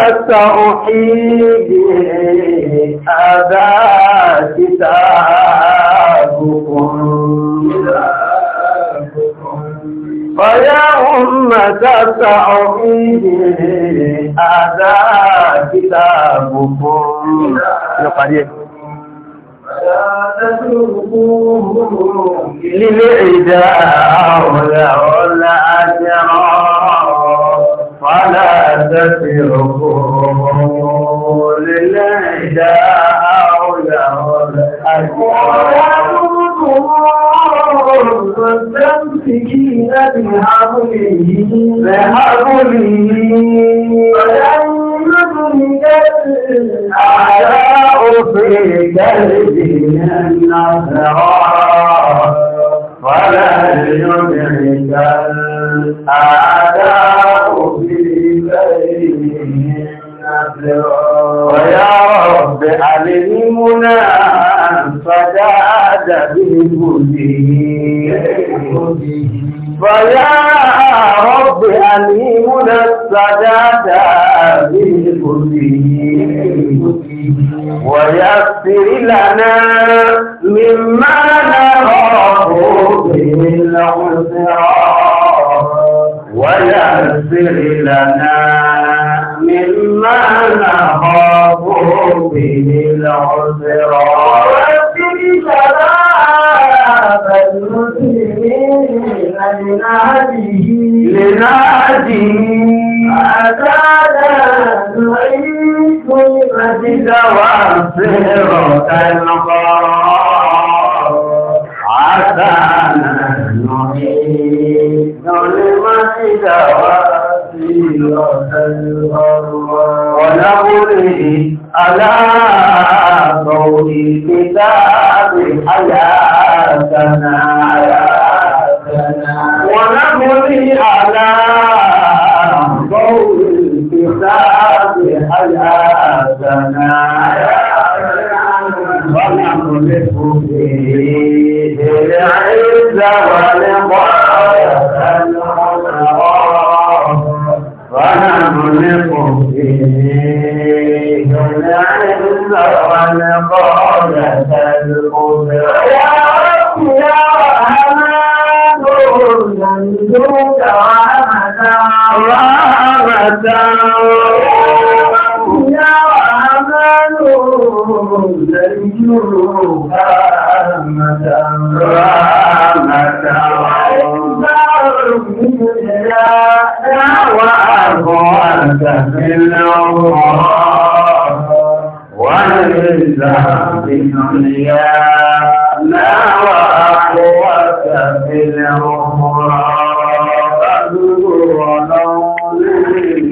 سأحيي أبا كتابكم فيا أمة سأحيي أبا كتابكم للعداء ولا ولا أجرام فلا تتركوا للعداء أولى والمستمسكين بحبله بحبله فلن يدرك الأعداء في قلبنا النصارى ولن يدرك الأعداء في بينهم ويا رب علمنا فداد بكله فيا رب علمنا السداد بكله ويسر لنا مما بهم ويسر لنا مما نخاف به العسرى واغفر شباب المسلمين لنادي لناديه أزادا نعيد كلمة دواسر القرار عسى ونبري على ضوء كتاب حياتنا رحمة يا عمل زيوها رحمة ولله الدنيا لا وقوة في الأخرى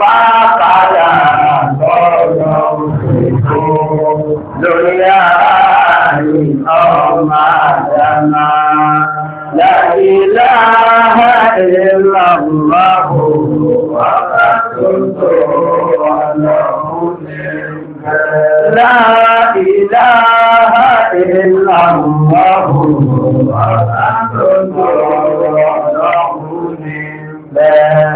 pápádà lọ́rọ̀ òṣèkó lórí àárín ọmọ àdámá. Láti láhá ìlà ìmáhò wàhálà tó tó ọlọ́run ní bẹ́ẹ̀.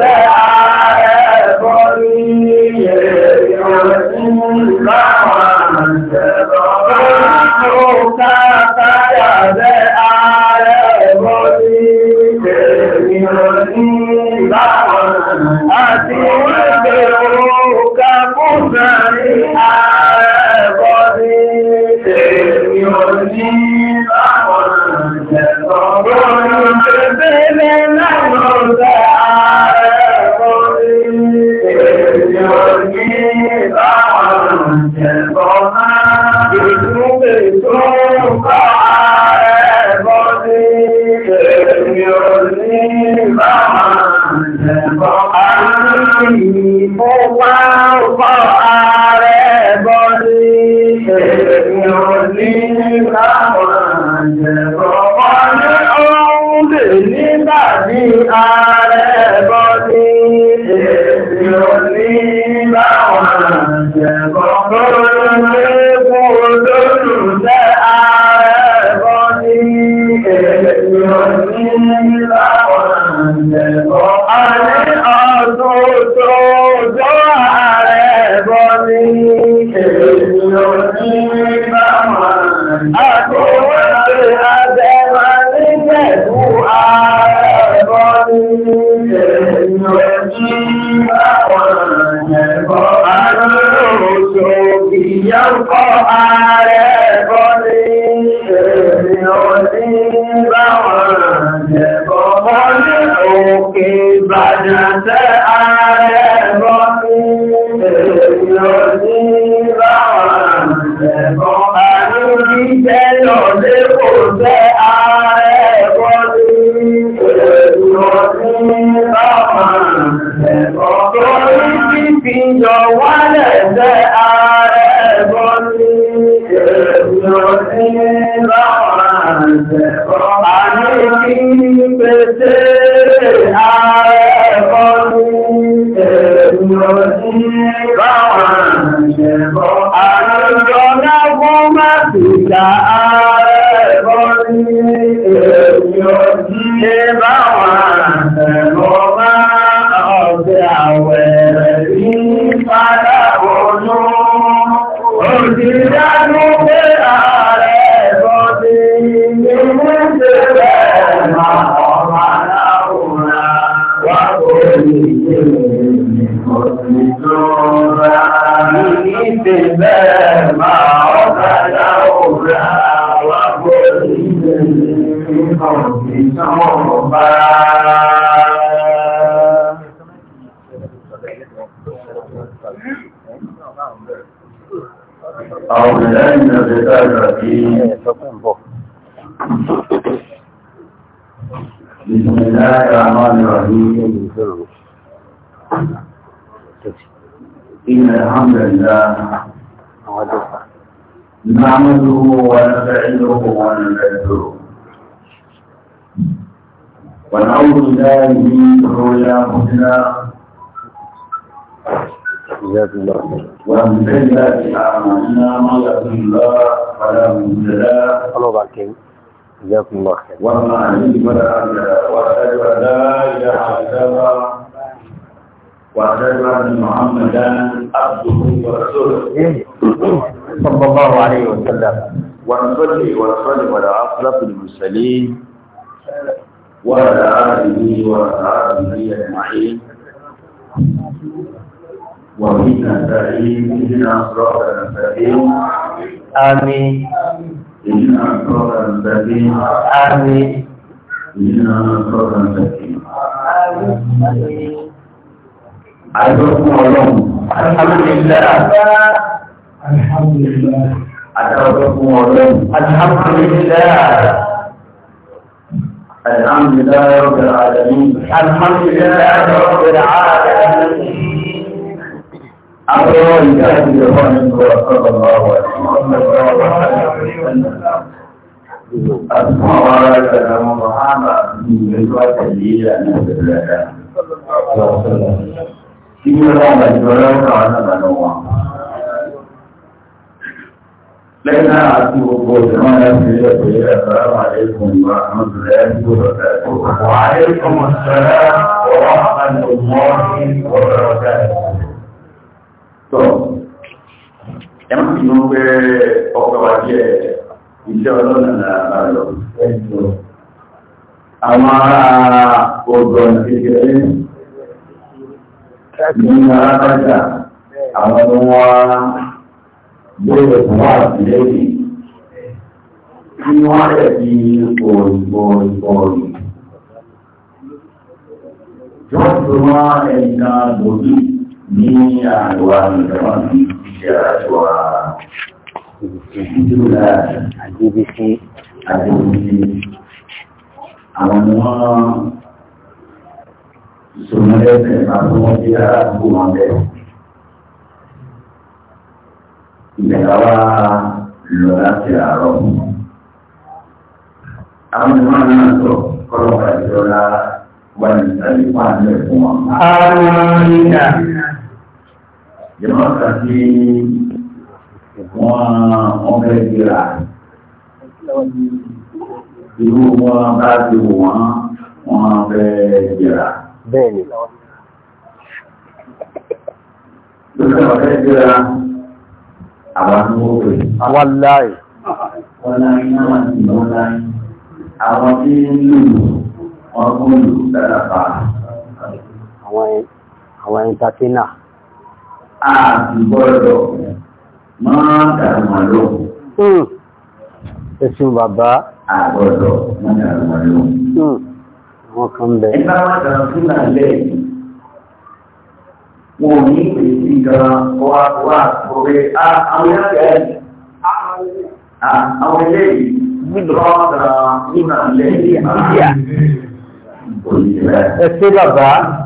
rẹ̀ You ní ẹ̀rìn láwọn àjẹ́bọ́. Ó káàkà rẹ̀ ẹ̀bọ́ ní ẹ̀rìn láwọn àti ìrẹ́gbẹ̀ òkà fún ẹ̀rìn ààrẹ̀ ẹ̀bọ́ ní ẹ̀rìn أو بالله من الشيطان إيه، بسم الله الرحمن الرحيم إن الحمد لله نعمده ونستعينه ونستغفره ونعوذ بالله من شرور أنفسنا جزاكم الله خيرا ومن سيئات أعمالنا من يهده الله فلا مضل له جزاكم الله خير وما عليه ولا واشهد ان لا اله الا الله واشهد ان محمدا عبده ورسوله صلى الله عليه وسلم ونصلي ونصلي على اشرف المرسلين وعلى اله وصحبه اجمعين وبنا سعيد إن صراط المستقيم آمين إن صراط المستقيم آمين إنا صراط المستقيم آمين أجركم الله الحمد لله الحمد لله أجركم الله الحمد لله الحمد لله رب العالمين الحمد لله رب العالمين أمر الله عليه وسلم أسمعوا لنا الله إن الله وعليكم السلام ورحمة الله وبركاته tọ́ ẹ má bínú pé ọkọ̀ wa jẹ́ iṣẹ́ ọlọ́nà náà lọ àwọn ará odò kékeré nínú arábàjá àwọn tó wọ́n gbọ́dọ̀ fún wa sílẹ̀ tí wọ́n rẹ̀ bí òòrùn òòrùn ní àríwá ìjọba ní ṣe àjọ ìjọba àjíbísí àjíbísí àwọn wọn sọmọlẹ́sẹ̀ máa tó wọ́n jẹ́ àgbò wọn bẹ́ẹ̀. ìjọba wa lọ láti àárọ̀ àwọn ìwọ̀n náà sọ kọ́lọ́pàá ìjọba wà ní ìtàlẹ́pàá lẹ́kùn wọn. àwọn ìjọba jẹ̀mọ́ kan sí wọn ọbẹ̀ ìgbéra irú wọn bá ti wù wọn wọn ọbẹ̀ ìgbéra. bẹ́ẹ̀ni. lókè ọbẹ̀ ìgbéra àwọn ni wọ́n pè. wọ́n láì. wọ́n láì náà ti wọ́n láì. àwọn tí ń lù wọ́n kún lù dáadáa. àwọn ẹ̀ńtàkínà àgbọ̀dọ̀ máa dàrúmọ̀ lọ. Hmm. Ẹ̀sùn bàbá. Àgbọ̀dọ̀ máa dàrúmọ̀ lọ. Hmm. Wọ́n kan bẹ̀. Ẹ bá wọn dàrú sílẹ̀ lẹ́yìn. Wọn ò ní pè sí gan wá wá òwe ah, àwọn ẹ̀kẹ́ ah, àwọn eléyìí lọ́ọ̀dà nígbà lẹ́yìn. bàbá.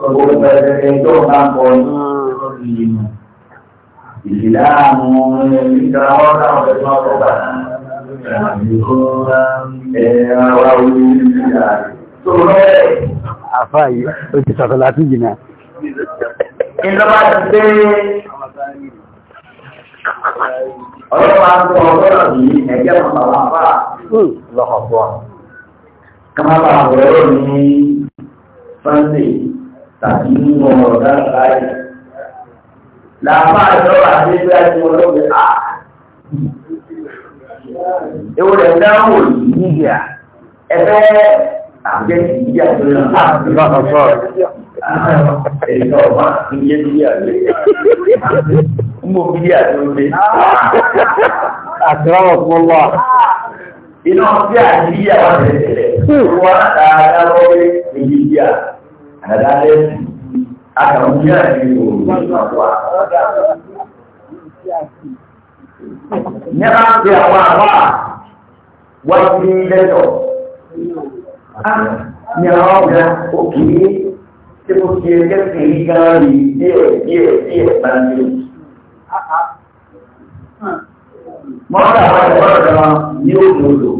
gbogbo ó ti sọ̀tọ̀ láti jìnà. Ìjọba ti pé ọlọ́pàá ń tọ́ ọlọ́rọ̀ yìí ẹgbẹ́ ọ̀pàá wà hmm, lọ́kọ̀ọ́kọ́. Kọ́mọ́ bá wọ́rọ̀ ní Sunday tàbí nínú ọ̀rọ̀ náà báyìí. Làbá ìjọba àti ẹgbẹ́ àti ọlọ́gbẹ̀ à. Ewu rẹ̀ dáhùn òyìnbí yà. Ẹgbẹ́ àjẹ́ ìyá tó ń bá ìjọba sọ̀rọ̀. Èyí ọ̀ma ń yé bí àlè. Ń bò bí àlè ó lé. Àtúrà ọ̀pọ̀ lọ. Iná bí àlè yà wà tẹ̀lé. Wọ́n á ta ara wọlé ìyí yà àdáyé akàmúyà ní òòrùn ìpàdùà. Nyẹ́bà ń pe àwọn àwa wọ́n ti ń lẹ́tọ̀. Ní àwọn ọ̀gá òkè tí mo fi ẹgbẹ́ sí i gan rí díẹ̀ díẹ̀ díẹ̀ bá ń lò. Mọ́tà àwọn ẹ̀rọ ìjọba ní òdòdó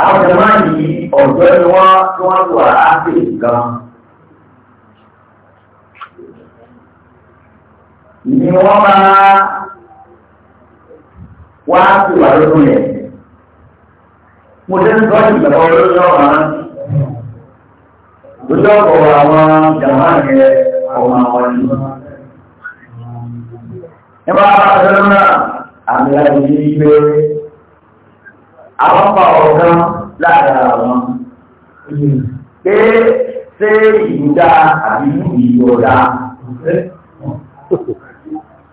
àwọn jẹmọ́ yìí ọ̀dọ́ ni wọ́n tí wọ́n lò àáfẹ́ gan ni wọ́n máa wá sí wà lókun yẹn mo jẹ́ ń sọ́ọ̀tì ìgbàgbọ́ lórí ọ̀rọ̀ náà lójú àwọn jẹmọ́ yẹn ọmọ àwọn ni ẹ bá bá a lọ́nà àmì àti ìgbé àwọn pa ọ̀gán láàárín àwọn pé ṣé ìdá àbí ìyọ̀dá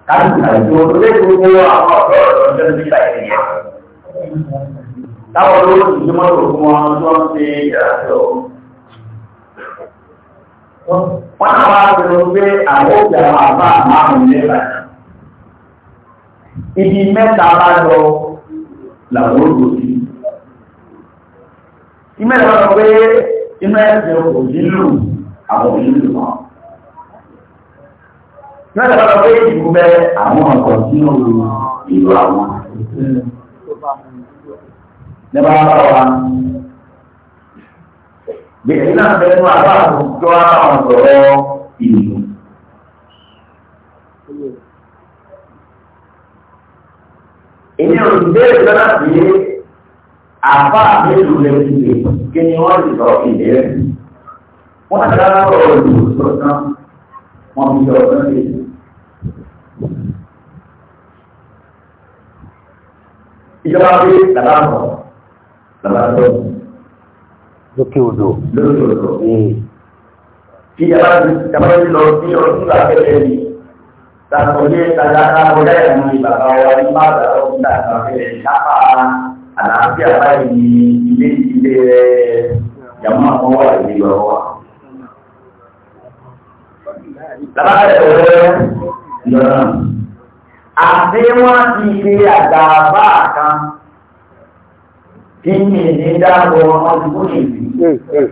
káàkiri àjò lẹ́gbẹ̀ẹ́ gbogbo àwọn ọ̀dọ́ ọ̀dọ́ nípa ìrìnà táwọn olówó ti gbé mọ́tò fún wọn tó ń ṣe ìdájọ́ wọ́n náà wá pẹ̀lú pé àwọn òjà ibi mẹ́ta bá lọ làwọn olùdókì ìmẹ́ lọ pé ìmẹ́ ẹ̀sẹ̀ kò nílò àwọn onílò náà ìmẹ́ lọ pé ìdìbò bẹ àwọn ọ̀pọ̀ sínú ìlú àwọn nígbà bá wa gbèsè náà bẹnu àbá àwùjọ àwọn sọ̀rọ̀ ìlú èmi ò ní bẹ́ẹ̀ lọ́la sí àbá mélòó lè ti lè kí ni wọ́n lè sọ ìdè rẹ̀. Wọ́n dára ọ̀rọ̀ sọ́tàn wọn fi ọ̀sán lè. Ìjọba pé bàbá bọ̀, bàbá bọ̀. Lókè odò. Lókè odò. Kí ìjọba ti jàpá ti lọ sí ọdún lábẹ́rẹ́ ni. Tàbí ọjọ́ ìtajà náà bọ́lá ìrìn bàbá wa ní bá bàbá ọdún lábẹ́rẹ́ ní lápá àlàáfíà báyìí ilé ilé rẹ̀ yàmọ́ àwọn wà ní lọ́wọ́ wa. Lábàárẹ̀ ọ̀rẹ́ lọ́nà. Àti wọ́n ní ìlú.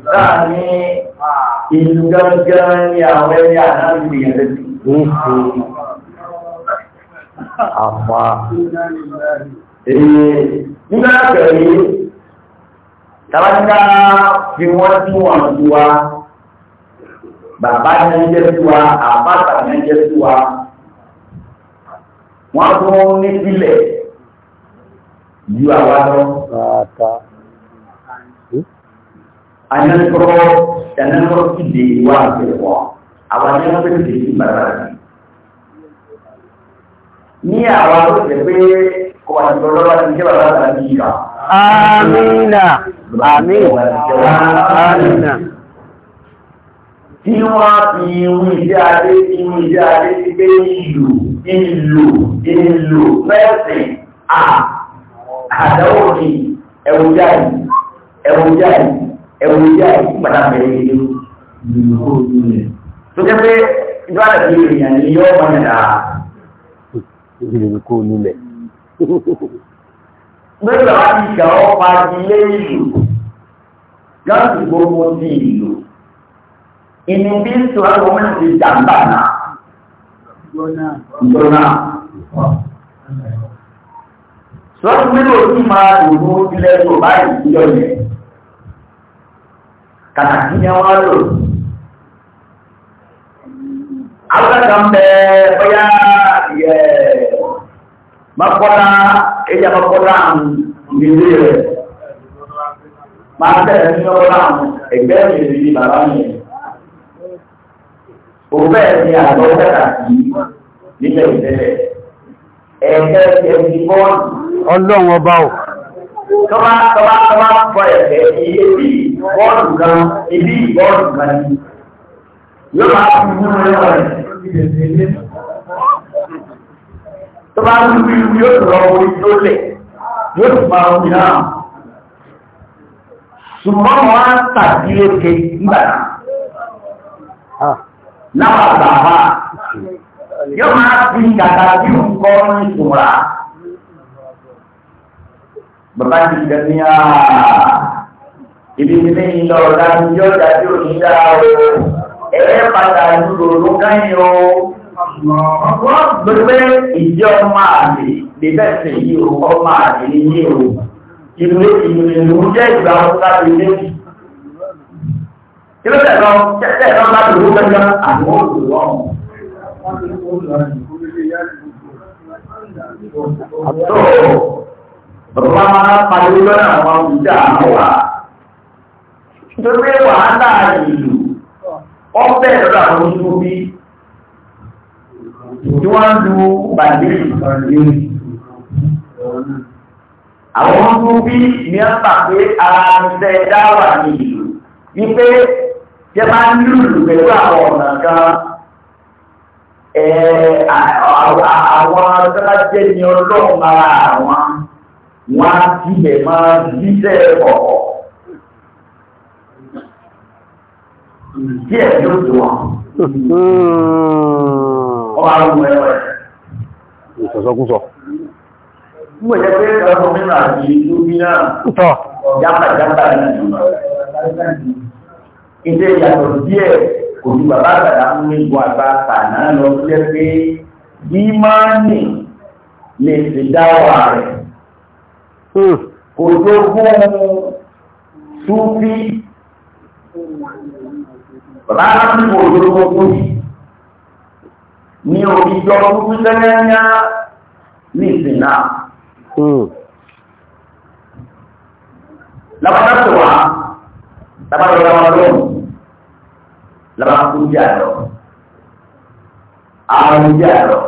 Láàárín ìlú gángan ní àwọn ẹni àdáàbì rẹ̀ sí. Àpá. Èyí nígbà pẹ̀lú tàbátà fi wọ́n tí wọ́n tí wa bàbá ní ẹjẹ́ tí wa àpáta ní ẹjẹ́ tí wa wọ́n tó ní sílẹ̀ ju àwa lọ. Anyankoro anyankoro ti de wa àgbẹ̀wọ̀ àwọn anyankoro ti de ti bàbá rẹ̀. Ní àwa ló jẹ pé kó Amina. Amina. Tí wọ́n fi irun ìdí adé, irun ìdí adé ti gbé ìlú, ìlú, ìlú, mẹ́sìn, à, àdáwò ní ẹ̀wù jáì, ẹ̀wù jáì, ẹ̀wù jáì, ìgbàdá bẹ̀rẹ̀ ìlú. Tó jẹ́ pé ìgbàdá ti èèyàn ni yóò mọ̀ nílà. Ìgbìlẹ̀ Mẹ́ta láti ìgbà ọpa ilé ìlú láti gbogbo ti ìlú. Ìní bí ń tó àwọn ọmọ ti jàmbá náà. Ìgbóná. Sọ́tún mélòó tí máa lòó ilẹ̀ tó báyìí ìjọ yẹn. Kàkàkí ni wọ́n lò. Àwọn kan bẹ bóyá ìyẹn makọ́lá ẹjà makọ́lá ìgbèrè rẹ̀ máa bẹ̀rẹ̀ ní ọlá ẹgbẹ́ ìrìn ní bàbá mi òfẹ́ ní àgbọ̀ bẹ́ta sí nílẹ̀ ìtẹ́lẹ̀ ẹ̀ẹ́kẹ́ ẹ̀ẹ́kì bọ́ ọlọ́run ọba ò tọ́bá tọ́bá tọ́bá fọ ẹ̀fẹ́ iye bí bọ́ọ̀lù kan ibi bọ́ọ̀lù kan ni yóò máa fi mú ẹ̀rọ rẹ̀ tó bá ń rí yóò lọ orí tó lẹ̀ yóò sì máa ń yàn án ṣùgbọ́n wọn á tàbí lókè nígbà náà ah. láwọn àgbààbà yóò máa fi kàkà bí nǹkan ní ìṣúra bàbá ti jẹ ní àà ah, ibi ní ìlọ ọ̀dà ni yóò dájú òní dáa o padà ìlú lòlú káyìn o. Gbogbo ìjọ máa lè lè bẹ̀sẹ̀ yìí o, ọ máa lè ní yìí o. Ìlú ìlú jẹ́ ìgbà ọ̀sá lè léjì. Ilé tẹ̀lọ, tẹ̀lọ bá lè rú gẹ́gẹ́ àwọn olùwọ́ Àtọ́ bàbá máa pariwo lọ́nà ìlú, ọ tí wọ́n ń lu bàjẹ́ ìsọ̀rọ̀ àwọn tó bí ní ọ̀pá pé ara ṣe dáwà ní ìlú ní pé tí a máa ń lùlù pẹ̀lú àwọn ọ̀nà kan àwọn tọ́lájẹ́ ni ọlọ́run ara àwọn wọn á tilẹ̀ máa jíṣẹ́ ọ̀pọ̀ díẹ̀ ló wọn. Hmm ọba àwọn ọmọ ẹ̀rọ ẹ̀. ìsọ̀sọ́kúsọ. ń wẹ̀jẹ̀ di lóbi náà. tọ́. jápa jápa ní ìlú. ìdè ìyàtọ̀ díẹ̀ kò ju bàbá àgbàdá ń ní ìbò àgbà tàná lọ jẹ́ pé bí máa nì lè fi dá fún hmm. yìí ní orí jọrọ fún sẹ́lẹ́yà ní ìsìn náà. Lábàtà tó wá, lábàtà tó wá lóhùn, lábàtà tó jẹ́ àlọ́, àrùn jẹ́ àlọ́.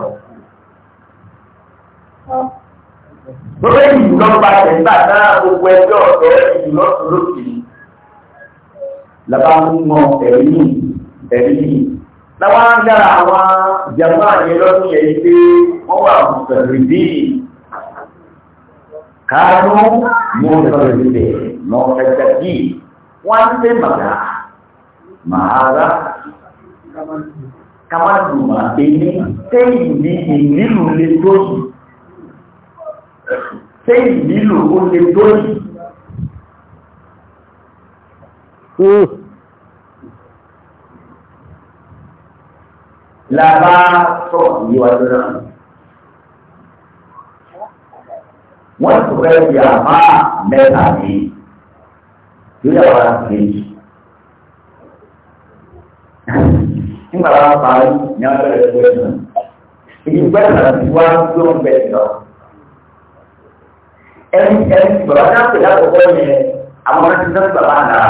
Gbogbo ìlú lọ́gbà tẹ̀gbà náà gbogbo ẹgbẹ́ ọ̀dọ́ ìlú lọ́sọ̀rọ̀ kìí. Lábàtà tó mọ ẹ̀rí ẹ̀rí láwọn ń dára àwọn jàmbá yẹn lọ́dún yẹn pé wọ́n wà mùsùlùmí bí káàánú mùsùlùmí mọ ẹsẹ̀ bí wọ́n ń pè màgà màárá kámánùmá èyí téyì ní ìnílù lè tó yìí téyì ó lè tó Laba sọ̀rọ̀ yìí wájú náà. wọ́n ti fẹ́ di àbá mẹ́ta ní lórí àwọn àkejì. nígbà wàá parí ní abẹ́rẹ́ ìgbẹ́ náà. èyí gbẹ́dọ̀ náà ti wá tó ń bẹ̀ lọ. ẹni ẹni bàbá náà pè lákòókò yẹn àwọn ọmọdé náà bàbá náà.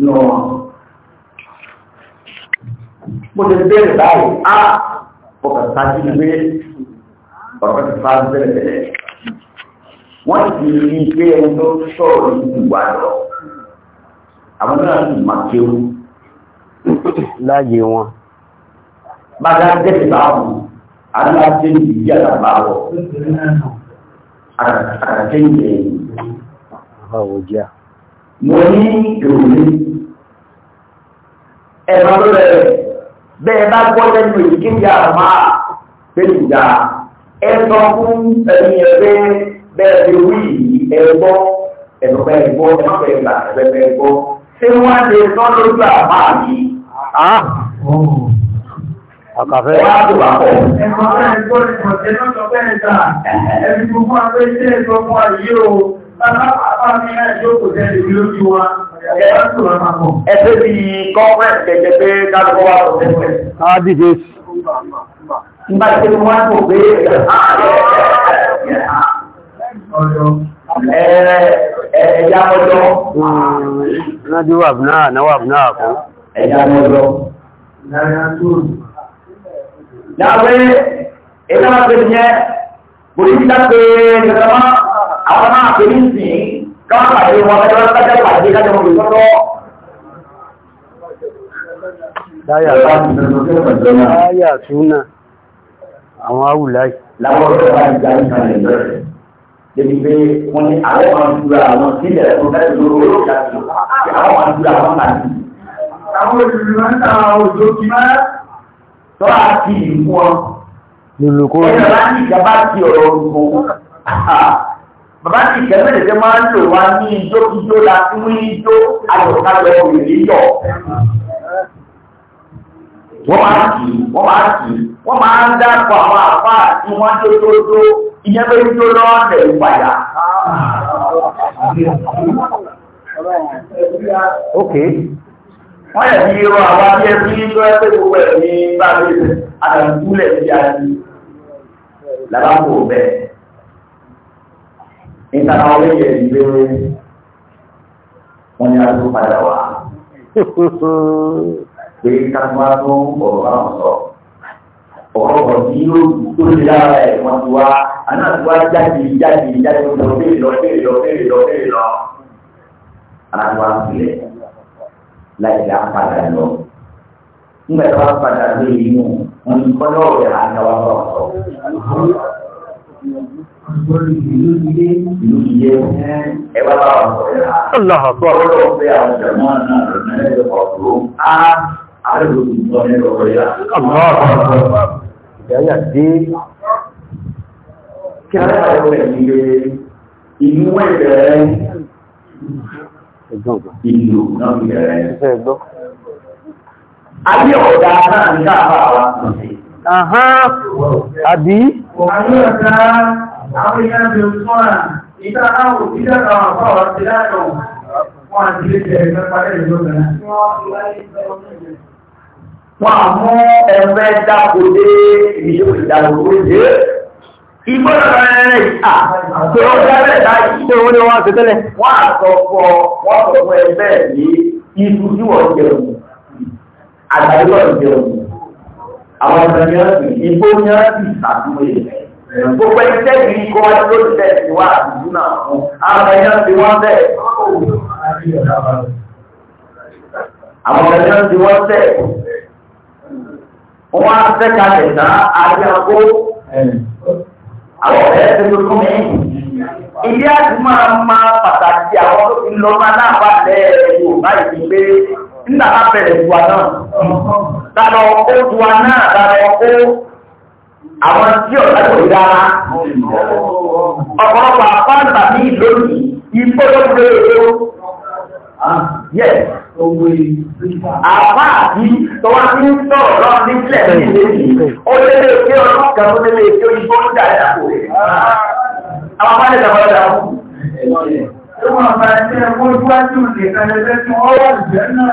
lọ mo ti bẹ̀rẹ̀ báyìí á ọkà sáájú pé ọ̀rọ̀ ti fa bẹ̀rẹ̀ bẹ̀rẹ̀ wọ́n ti rí i pé ẹni tó sọ̀rọ̀ ìlú wa lọ àwọn náà sì máa kéwú láàyè wọn bàtà tẹ̀sí báwọn aláṣẹ ìdíyà làbáwọ̀ àtàkẹ́ ìyẹn. mo ní ìròyìn ẹ̀rọ tó rẹ̀ bẹ́ẹ̀ bá gbọ́ lẹ́nu èyí kí ìyá máa pẹ̀lú ìyá ẹ sọ fún ẹni ẹgbẹ́ bẹ́ẹ̀ fi wí ẹgbọ́ ẹ̀rọ̀pẹ̀ ẹgbọ́ ẹ̀rọ̀pẹ̀ ẹgbà ẹ̀rọ̀pẹ̀ ẹgbọ́ ṣé wọ́n lè sọ lójú àmà yìí. Ah! Àkàfẹ́. Wọ́n á tó wà pọ̀. Ẹ̀kọ́ bẹ́ẹ̀ gbọ́ ìkọ̀jẹ́ lọ́sọ̀ mi náà yóò kò tẹ́lẹ̀ lójú wa. ẹgbẹ́ bí kọ́pẹ́ gẹ́gẹ́ pé kálùkọ́ wà ah, tó káwọn pàdé wọn kájọ kájọ pàdé kájọ wọn lè tọ́tọ́. Láyà àwọn awùláì. Láwọn ọ̀rọ̀ bá ń jáde kalẹ̀ lọ́rẹ̀. Débi pé wọ́n ní àwọn máa ń àwọn sílẹ̀ tó bẹ́ẹ̀ lóró ìjà tó. Àwọn máa ń àwọn máa Àwọn bàbá ti kẹ́mẹ́ tẹ̀tẹ̀ máa ń lò wá ní ijó ijó la fún ijó alọ̀kalọ̀ òrèlè yọ̀ wọ́n máa kì í wọ́n máa kì í wọ́n máa ń dápọ̀ àwọn àfá àti wọ́n tó tó tó ìyẹn pé tó lọ́ọ̀dẹ̀ ìpàyà. ok wọ́n yẹ̀ bí irọ́ àwọn abíyẹ bí tó ẹ pé gbogbo ẹ̀ ní bá mi àtàkùnlẹ̀ bí a làbá kò bẹ́ẹ̀ ìtara oríyẹ ìgbé wọn ni a tó padà wá pé kápá tó ń bọ̀ báwọn sọ ọ̀rọ̀ tí yóò tó lè lára ẹ̀ wọ́n ti wá àná àti wá jáde jáde jáde lọ bẹ́ẹ̀ lọ bẹ́ẹ̀ lọ bẹ́ẹ̀ lọ bẹ́ẹ̀ lọ àná àti wá sílẹ̀ láì dá padà lọ nígbà tí wọ́n padà lórí inú wọn ni kọ́ lọ́ọ̀rẹ́ àná wa bọ̀ sọ. Allah akbar. Allah akbar. Ìyáyà dé kí a rẹ̀ ọ̀rọ̀ ìgbé inú ẹ̀rẹ̀ ìlú náà ìrẹ̀. Ayé ọ̀dá náà ní káàkiri àwọn àkùnrin. Àhán, àbí? Wọ́n àmú ẹ̀fẹ́ dákòdé ìṣòkè ìdàgbòrò jẹ́. Ìgbọ́nà rẹ̀ à tó ó jẹ́ láti tó wọ́n ni wọ́n ti tẹ́lẹ̀. Wọ́n àtọ́kọ́ wọ́n tọ́kọ́ ẹgbẹ́ yìí, ìfújú ọ̀jẹun, àgbàríwọ̀ ọ̀jẹun àwọn ọ̀sán ni wọ́n sì igbó ni wọ́n sì ṣàtúnwé rẹ̀. Gbogbo iṣẹ́ yìí kọ́ ló ti tẹ̀ sí wá àdúgbò náà fún. Àwọn ẹ̀yán ti wọ́n bẹ̀. Àwọn ẹ̀yán ti wọ́n bẹ̀. Wọ́n á fẹ́ kalẹ̀ tán àti àgbo. Àwọn ọ̀rẹ́ ti tuntun mi. Ilé àti máa ma pàtàkì àwọn tó ti lọ máa náà wà lẹ́ẹ̀ẹ́ Yorùbá ìdílé. Nígbà bá bẹ̀rẹ̀ ìwà náà ta lọ kó tiwa náà ta lọ kó àwọn tí ọ̀dà kò dára. ọ̀pọ̀lọpọ̀ àpáǹtà ní ìlónìí ìfọ́lọ́gbé èrò. E yes. Àbá àti tọwá sí ń sọ̀rọ̀ lọ nílẹ̀ nílé yìí, ó lérè pé ọdún kan tó lérè pé onígbó ń jà ìdàpọ̀ rẹ̀. Àwọn máa lè dàbọ̀ dà mú. Ó máa bá ẹgbẹ́ ẹgbẹ́ ojú wájú nìkan ẹgbẹ́ tí wọ́n wà lùjẹ́ náà.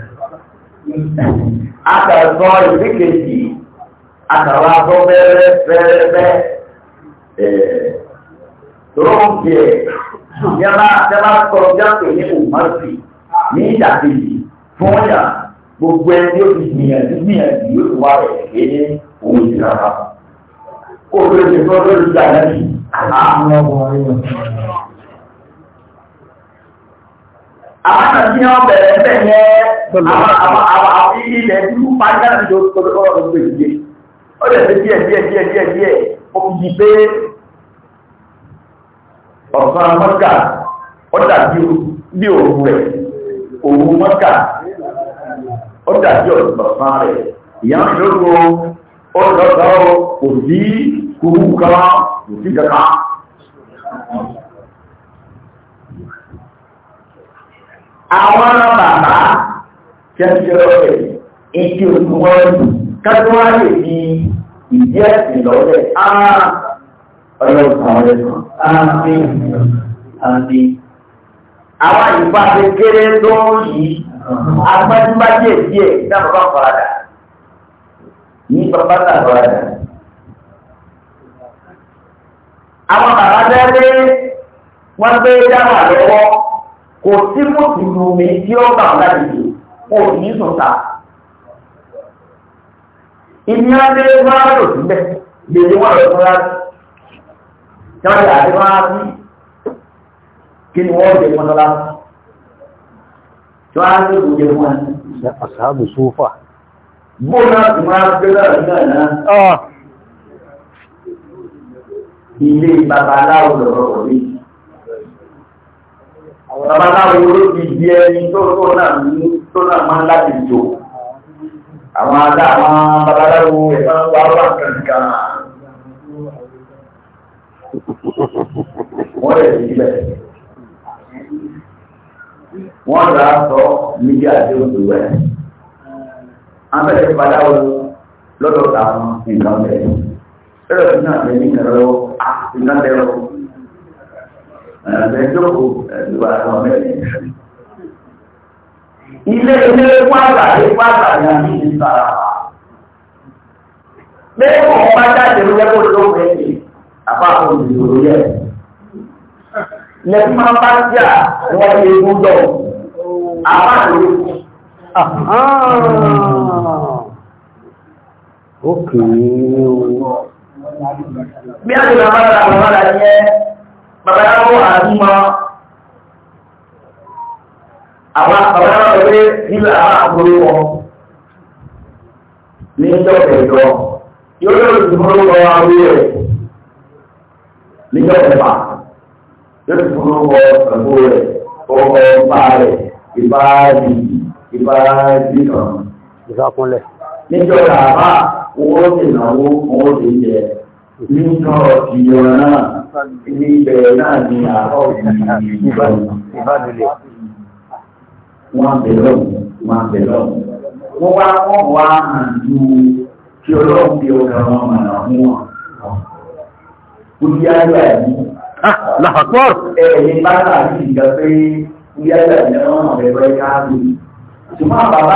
Àtàzọ ìdíkejì, àtàwọn azọ bẹ́ẹ̀rẹ́ bẹ́ẹ̀rẹ́ tọ́rọ̀mùsì ẹ̀ yẹ́bá tẹ́bá sọ̀rọ̀ jáde ní òmùmọ́sì ní ìdàkejì fún ọ̀yà gbogbo ẹni yóò fi gbìyànjú gbìyànjú yóò fi wá rẹ̀ pé ní òun ìdíra kó o lè ṣe fọ́ọ́rọ́ ìdíjà náà àwọn náà tí wọ́n bẹ̀rẹ̀ bẹ̀ yẹ àwọn ilẹ̀ tí wọ́n pa nígbà tí wọ́n tó lọ́wọ́ tó gbèsè dé ó lè fi díẹ̀ díẹ̀ díẹ̀ díẹ̀ díẹ̀ ó fi di pé ọ̀sán mọ́kà ó dàbí bí òun rẹ̀ òun mọ́kà ó dàbí ọ̀sán rẹ̀ ìyá ń lóko ó lọ́gbọ́ òbí kúrú kan òbí kankan. àwọn bàbá jẹ́jọ́ rẹ̀ ètò ìwọ̀lù kájúwá lè fi ìdí ẹ̀sìn lọ́lẹ̀ ọlọ́pàá ah! ọlọ́pàá àwọn ìfà ti kéré tó ń yìí agbájúmájẹ̀ díẹ̀ náà bá farada ní bàbá náà farada àwọn bàbá tẹ́lẹ̀ wọ́n gbé dáwà lọ́wọ́ kò sí mùsùlùmí tí ó bà láti lè kò ní sùnta ìní adé wá lò síbẹ̀ lèdè wọn lọ fún láti yọ̀ọ́ yà adé wá sí kí ni wọ́n lè fún lọ́la tí wọ́n á lè fún ẹ. Asáàbù sófà. Bóòlù àti máa gbé náà náà náà. Ah. Ilé babaláwo lọ̀rọ̀ rí. Bàbá láwọn di ẹni tó tó náà ní tó náà máa láti jò. Àwọn adá àwọn babaláwo ẹ̀fọn wá wà kankan. Wọ́n rẹ̀ sí ilẹ̀. Wọ́n rà sọ níbi àti oṣù rẹ̀. Abẹ́rẹ́ babaláwo lọ́dọ̀ táwọn nǹkan bẹ̀rẹ̀. Bẹ́rẹ̀ sí náà lẹ́yìn ìrànlọ́wọ́, ah, ìrànlọ́wọ́ ẹ̀ẹ́dẹ́gbẹ̀kọ̀ ẹ̀dùbà àwọn mẹ́rin ilé ilé pàtàkì pàtàkì àmì ìsára lẹ́kọ̀ọ́ bá jáde ló lẹ́kọ̀ọ́ ló mẹ́rin àpapọ̀ ìṣòro yẹ lẹ́kọ̀ọ́ máa bá jà wọ́n ti mú lọ àpapọ̀ Ókèé ooo. Bí a ti máa bá ra àwọn ọ̀rọ̀ yẹn, bàbá yà wọ́n àdúmọ̀ àwọn bàbá yà wọ́n pẹ̀lú nílẹ̀ àwọn àgbòrò wọn ní ìjọ ìjọ yóò lọ sí fúnrú lọ àwọn rẹ̀ níjọ ìfà yóò sì fúnrú lọ ẹ̀gbọ́ rẹ̀ ọkọ̀ ìfà rẹ̀ ìfà rẹ̀ ìfà rẹ̀ kan. ìfàkúnlẹ̀. níjọ ìfà owó sì náwó owó sì jẹ níjọ ìjọ náà ní ibẹ̀ náà ni àárọ̀ ìbánilẹ̀ wọ́n bẹ̀rọ̀ wọ́n bẹ̀rọ̀ wọ́n wá wọ́n wá hàn ju kí ọlọ́run bí ọkàn wọn mọ̀nà fún wọn ó di ayé àyè láàpọ̀ ẹ̀yìn bá láàrín ìgbà pé ó di ayé àyè wọn mọ̀ bẹ̀rẹ̀ káàkiri ṣùgbọ́n bàbá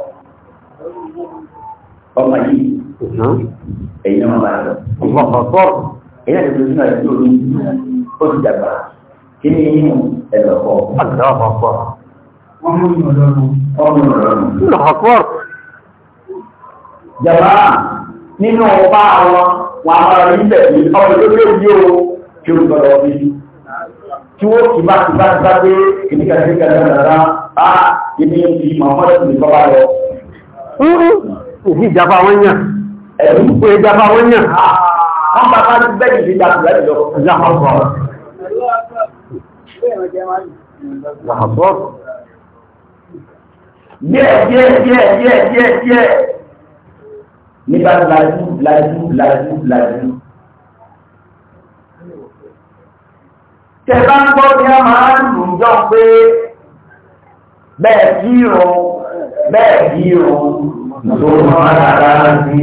ọmọ yìí ẹ̀yin náà máa lọ ìmọ̀ ọ̀pọ̀ ẹ̀yin náà lè lọ sí olú ó ti dàgbà kí ni ẹ̀rọ kọ. ọ̀pọ̀ ọ̀pọ̀ ọmọ ìrọ̀lọ́rùn. ọ̀pọ̀ jàmbá nínú ọba wọn wọn a máa rí bẹ̀rẹ̀ ọmọ tó lé yí o kí o gbọ́dọ̀ bí tí wọ́n kì bá ti bá ti bá dé kìnnìkan kìnnìkan dáadáa bá kìnnìkan ti mọ̀ọ́mọ́dé ti ah, òfin ìjàpá wọn yàn ẹ̀rù pé ìjàpá wọn yàn ah. wọ́n bá bá bẹ́ẹ̀ ìdí ìjàpá láti lọ ìjàpá wọn. Díẹ̀ díẹ̀ díẹ̀ díẹ̀ díẹ̀ díẹ̀ nígbà lajú lajú lajú lajú. Tẹ̀bá ń gbọ́ ní a máa ń lù jọ pé bẹ́ẹ̀ kí ìrọ̀ bẹ́ẹ̀ bí o tó máa dára sí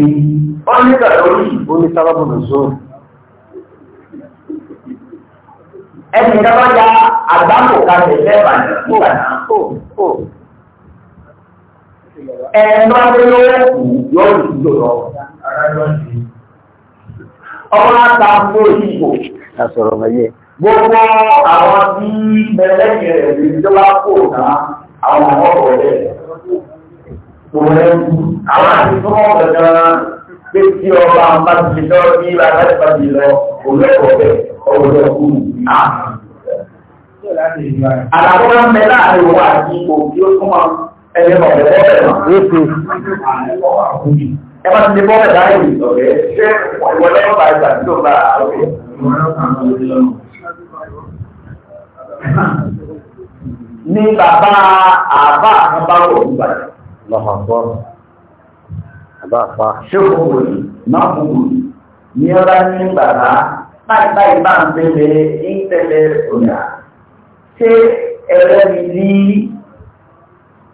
ó ní kàtọ́lì ó ní sábàbù nìṣó ẹni dábà ya àgbákò kalẹ̀ lẹ́bà nígbà náà ẹ̀ẹ́dọ́ abẹ́lẹ́ kù yóò dùdò lọ ọmọ àtàkùn òyìnbó lásọ̀rọ̀ mẹ́yẹ gbogbo àwọn tí mẹ́lẹ́yìn rẹ̀ lè jọba kò náà àwọn ọmọ ọ̀rẹ́ rẹ̀ òun ẹ̀kú àwọn àti fún ọ̀rọ̀ gan-an pé kí ọba bá ti lọ bí bàbá ti bá ti lọ òun ẹ̀kọ́ bẹ̀ ọ̀rọ̀ lọ kú à. Àlàbọ̀ máa ń bẹ láàrin òun àti ipò tí ó tún máa ẹni ọ̀rẹ́ bọ́ọ̀rẹ́ náà. Ẹ bá ti lè bọ́ọ̀rẹ́ báyìí ọ̀rẹ́ ṣé ìwọlé ọba ìgbà tí ó bá ọ̀rẹ́. Ní bàbá àbá àkàbáwò ìgbàdàn lọ́wọ́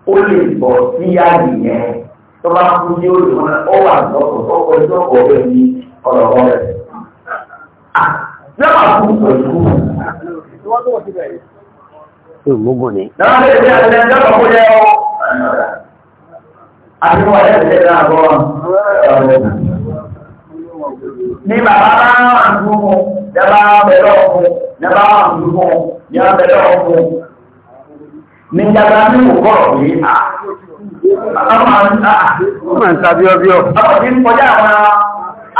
ó lè bọ̀ sí yáàgì yẹn tó bá kú sí olùwọ́n ó wà lọ́kọ̀ọ́ tó kọjú ọ̀rẹ́ mi ọ̀rọ̀ rẹ̀. Lọ́wọ́ àkókò pẹ̀lú. Ìwọ́n tó wọ̀ sí bẹ̀rẹ̀. Ìwọ́n tó wọ̀ sí bẹ̀rẹ̀ àbíkọ́ ẹ̀yẹ́ ìṣẹ́ náà bọ́ ní bàbá bá wà ń dúkú dábà bẹ̀rẹ̀ ọkùn dábà wà ń dúkú ní wà bẹ̀rẹ̀ ọkùn ní dábà ní òkọ̀ rí à ọmọ ń tàbí ọbíọ̀ ọmọ tí ń kọjá àwọn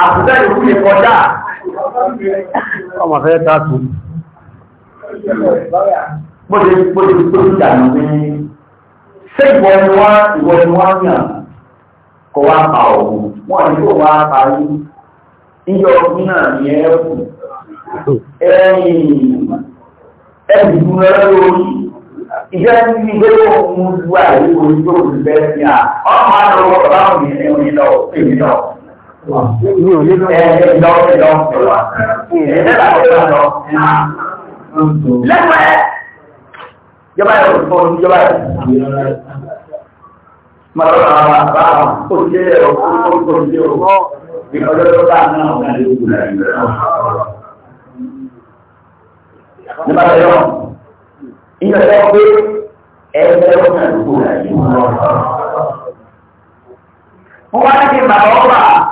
àkùtẹ́ ìlú lè kọjá ọmọ fẹ́ tààtù bó ṣe bó ṣe ṣé ìwọ ni wá ìwọ ni wá yàn kọ wá pa òun wọn ni kò wá pa yín ọdún náà ni ẹ ẹ̀yìn ẹ̀yìn ìdúná ìjẹ́ ní ilé ohun ju àìrí orí tó ti bẹ́ sí à ọmọ àdúgbò bàbá òní ní ìjọba yẹn kò fọ ìjọba yẹn. Màá lọ bá bá a kò sí ẹ̀rọ kó kó kó sí ẹ̀rọ. tó bá a náà wọ́n lè wù náà ìgbà Nígbà tó yọ, ìyẹn tó pé ẹgbẹ́ wọn náà wù náà ìgbà náà. wá ní kí n bàbá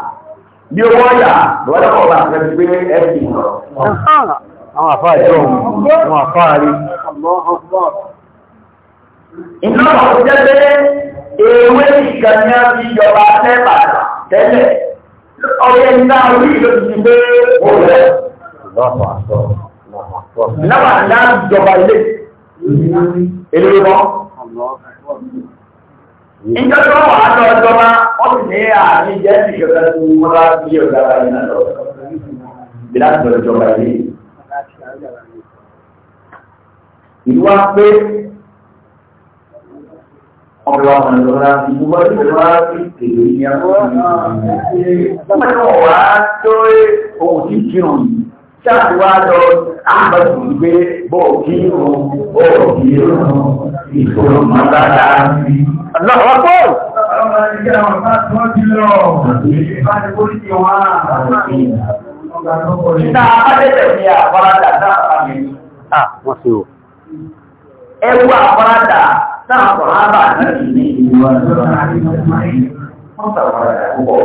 bí owó ọ̀yà lọ́wọ́dọ̀ ọba àti ẹgbẹ́ ẹ̀sìn lọ. Àwọn àfáà jọ òun, àwọn àfáà rí iná ọ̀rọ̀ jẹ́ pé ewé nìkan ní wọ́n ti jọba lẹ́bàdà tẹ́lẹ̀ ọ̀rẹ́ iná orí ìlú ti gbé òwúrọ̀ lọ́wọ́ àdá ìjọba ilé èlé wọn ìjọ tó wà á lọ jọba ó sì ní àmì jẹ́ ìjọba tó wọ́n bá bí ọ̀gá wa ní àlọ́ bí láti lọ jọba ilé ìlú wa pé ọ̀pọ̀lọpọ̀ ìlọ́ra ìgbúgbọ́ ìlọ́ra ìpèlè ìyàwó wà tó ohun tí kírùn ṣáàtùwà lọ àbájú ìgbé bọ́ọ̀kí ìrùn bọ́ọ̀kí ìrùn ìṣòro mọ́lára lọ́wọ́pọ̀ ọmọ ìgbẹ́ àwọn bá tó jí lọ ìbá ni ó táàpọ̀ ábà láti ní ìwà lọ́rọ̀ wọ́n sàwárà púpọ̀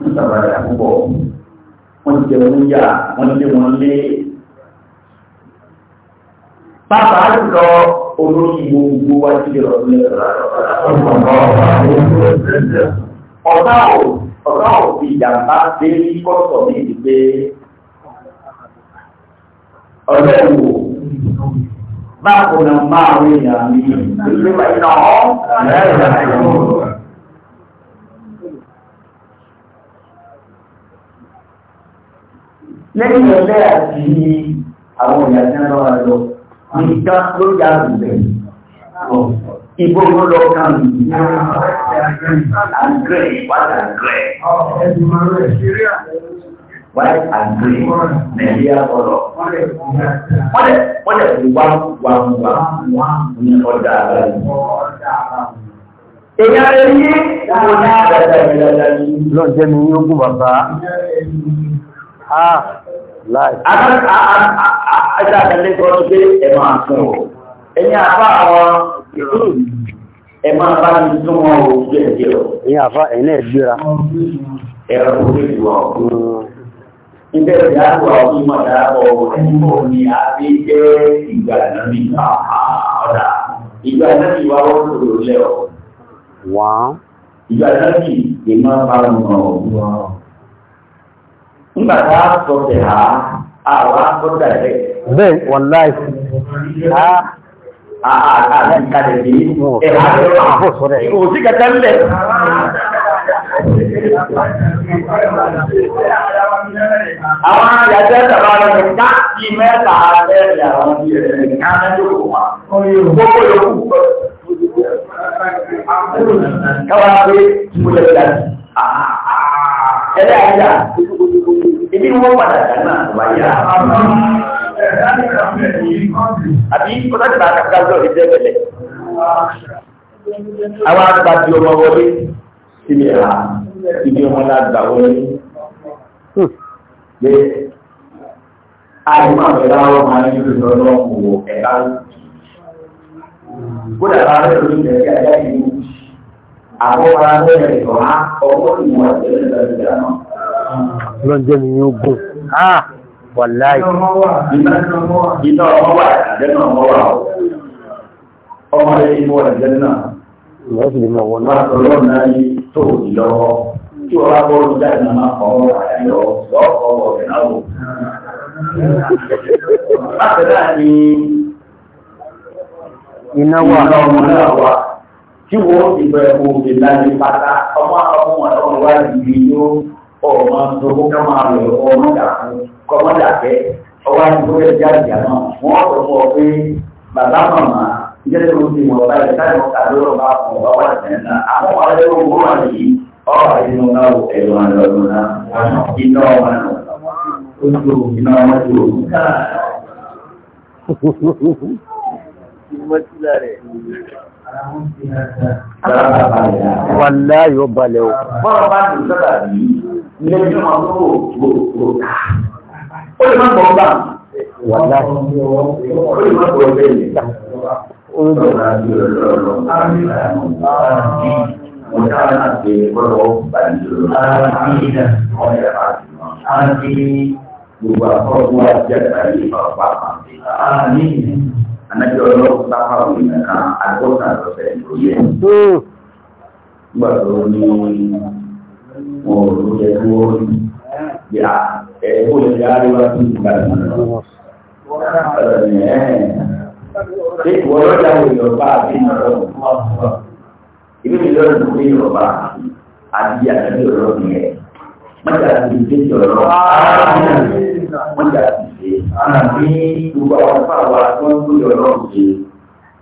wọ́n sàwárà púpọ̀ wọ́n jẹ oúnjẹ wọ́n lé wọn lé pápá lọ olóyìn gbogbo wá sí ọ̀rọ̀ ọ̀tá ò ọ̀tá ò fi ìjàmbá dé ní kọ́sọ̀ ní ìdílé ọ̀rẹ́ bákan náà máa rí ìyàmí ìgbéwà iná lẹ́yìn ẹgbẹ́ àti àwọn ìyàjẹ́ lọ́wọ́ lọ ní ìjá ló yà rùgbẹ̀ ìbò ló lọ kàn ní àgbẹ̀ ìpàdà àgbẹ̀ white and green nàìjíríà kọlọ wọ́n lè fi wá wá wá ní ọjà àgbà yìí. èèyàn lè yí ìwọ ní àgbàdo ìlànà yìí. lọ́n jẹ́ mi yóò gùn bàbá. Ajá àtàlẹ́ sọ ní pé ẹ máa sùn o. Ẹ̀yin àfa àwọn ẹ máa bá mi sún wọn o jẹ́ ìjẹ́ o. Ẹ̀yin àfa ẹ̀yin náà gbéra. Ẹ̀rọ kò lè jù ọ́. Hmm ibẹ̀ ìyáàgbà ọdún mọ̀dáàbọ̀ ẹnìmọ̀ ni a fi jẹ́ ìgbà nàbí ọ̀dà ìgbà nàbí wa wọ́n tó lò lẹ́ ọ̀. wá. ìgbà nàbí lè má bá wọn mọ̀ ọ́. nígbà tá a sọ tẹ̀ á àwa sọ dàrẹ́. bẹ́ẹ̀ wàláì. a a a a lè kalẹ̀ bí. ẹ̀ á lọ. kò sí kẹtẹ́ ń bẹ̀. Àwọn àjàjẹ́ tàbá rẹ̀ káàkì mẹ́ta àrẹ́rẹ̀ àwọn ìrẹ̀ káàkì wà. Gbogbo yòókù káwàá pé mo lè gbà sí. Ẹlẹ́ àjà, ibi wọ́n padà dáná wáyà. Àbí kọ́tà ti bá kàkà lọ́rẹ̀ jẹ́ bẹ̀lẹ̀. Àwọn àgbà ti ọmọ wọlé síbi ha ibi wọn lágbà wọlé hmm. pé àìmọ̀ ẹ̀dá wọn máa ń yóò lọ lọ wò ẹ̀dá kódà bá rẹ̀ lórí ìrẹsì ẹ̀dá ìlú àwọn ará bẹ̀rẹ̀ ìtọ́há ọwọ́ ìwọ̀n ìtẹ́lẹ̀ ìtẹ́lẹ̀ náà. lọ́njẹ́ mi yóò gùn ah, wàláì. iná ọmọ wà lẹ́nu ọmọ wà ó ọmọ rẹ̀ ìwọ̀n ìtẹ́lẹ̀ náà. lọ́sùn ìmọ̀ wọn náà tó o di lọ́wọ́ tí o bá bọ́ọ̀lù jáde náà máa kọ́ ọ́ àyọ̀ lọ́kọ̀ ọ̀rẹ́ náà wò. Bákan náà ni iná wà ọmọ náà wà tí wọ́n ti bẹ̀rẹ̀ òkè láti pátá ọmọ ọmọ ọmọ wa yìí yó ọmọ tókó ká máa lọ ọmọ dàkú kọmọ dàkẹ́ ọwọ́ àti bóyá jáde àná wọ́n sọ fún ọ pé bàbá màmá ìjẹ́jẹ́ mo ti mọ̀ báyìí táyọ̀ ọ̀kà lóró bá fún ọ̀gá wà tẹ̀lá. Àwọn ọ̀rẹ́ ló wọ́n wà ní ọ̀rọ̀ inú náà ẹ̀rọ àlọ́dún náà. Iná ọmọ náà. Ojú iná ọmọ ti wò ó ká. Wàlá yóò balẹ̀ o. Bọ́lá bá ti sọ́dà bí ilé ìjọ máa tó gbogbo ká. Ó lè má gbọ́ gbà. Wàlá. Ó lè má gbọ́ bẹ́ẹ̀ orúkọ gbogbo àkọ́kọ́ àti àgbáyé ìfọ̀pá ànájọ́ ọlọ́pàá sáfà òyìnbó kan àgbọ́ta lọ́sẹ̀ ìròyìn nígbà tó ní wọn ò lóye tó rí ẹ̀ẹ́dẹ́gbọ́n ìyá àríwá tó ń gbà nínú ọ̀rọ̀ ẹ̀ ṣé ìwọ lọ́jà wo Yorùbá àbí Yorùbá ìbí mi lọ́rọ̀ tó pé Yorùbá àbí àbí Yorùbá mi yẹ mọ́jà ti ṣe Yorùbá mọ́jà ti ṣe ní gbogbo àwọn afọ àwọn àti wọn tó ṣe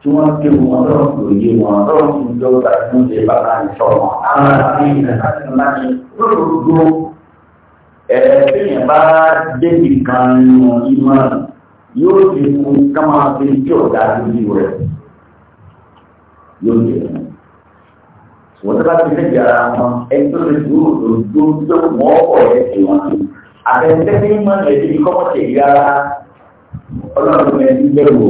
tí wọ́n ké wọn lọ́rọ̀ tó yé wọn lọ́rọ̀ tó jọ gba tí wọ́n ṣe bàbá mi wọn àti ìlànà lọ́rọ̀ tó ẹ̀ẹ́dẹ́gbẹ̀rún bá débi yóò ti kú ká máa fi tí ọ̀dà lójú rẹ̀ yóò jẹ́ wọ́n tẹ́lá ti fẹ́ jàrá wọn ẹgbẹ́ rẹ̀ yóò lò tó tó mọ́ ọ̀pọ̀ ẹ̀ sí wọn àtẹ̀tẹ́ ní mọ́ ẹ̀dí ní kọ́kọ́ tẹ̀ yá ọlọ́run ẹ̀ ní bẹ́ẹ̀ wò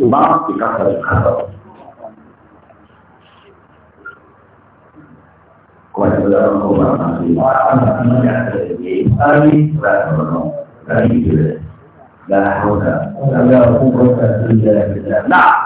ó máa ń fi kásọ̀rọ̀ kásọ̀rọ̀. Kọ́ni ọlọ́run kọ́ máa ń fi wọ́n á máa ń fi wọ́n yà sẹ́yìn ní àárín ìgbà ọ̀nà láyé rẹ̀. لا حول ولا قوة إلا بالله نعم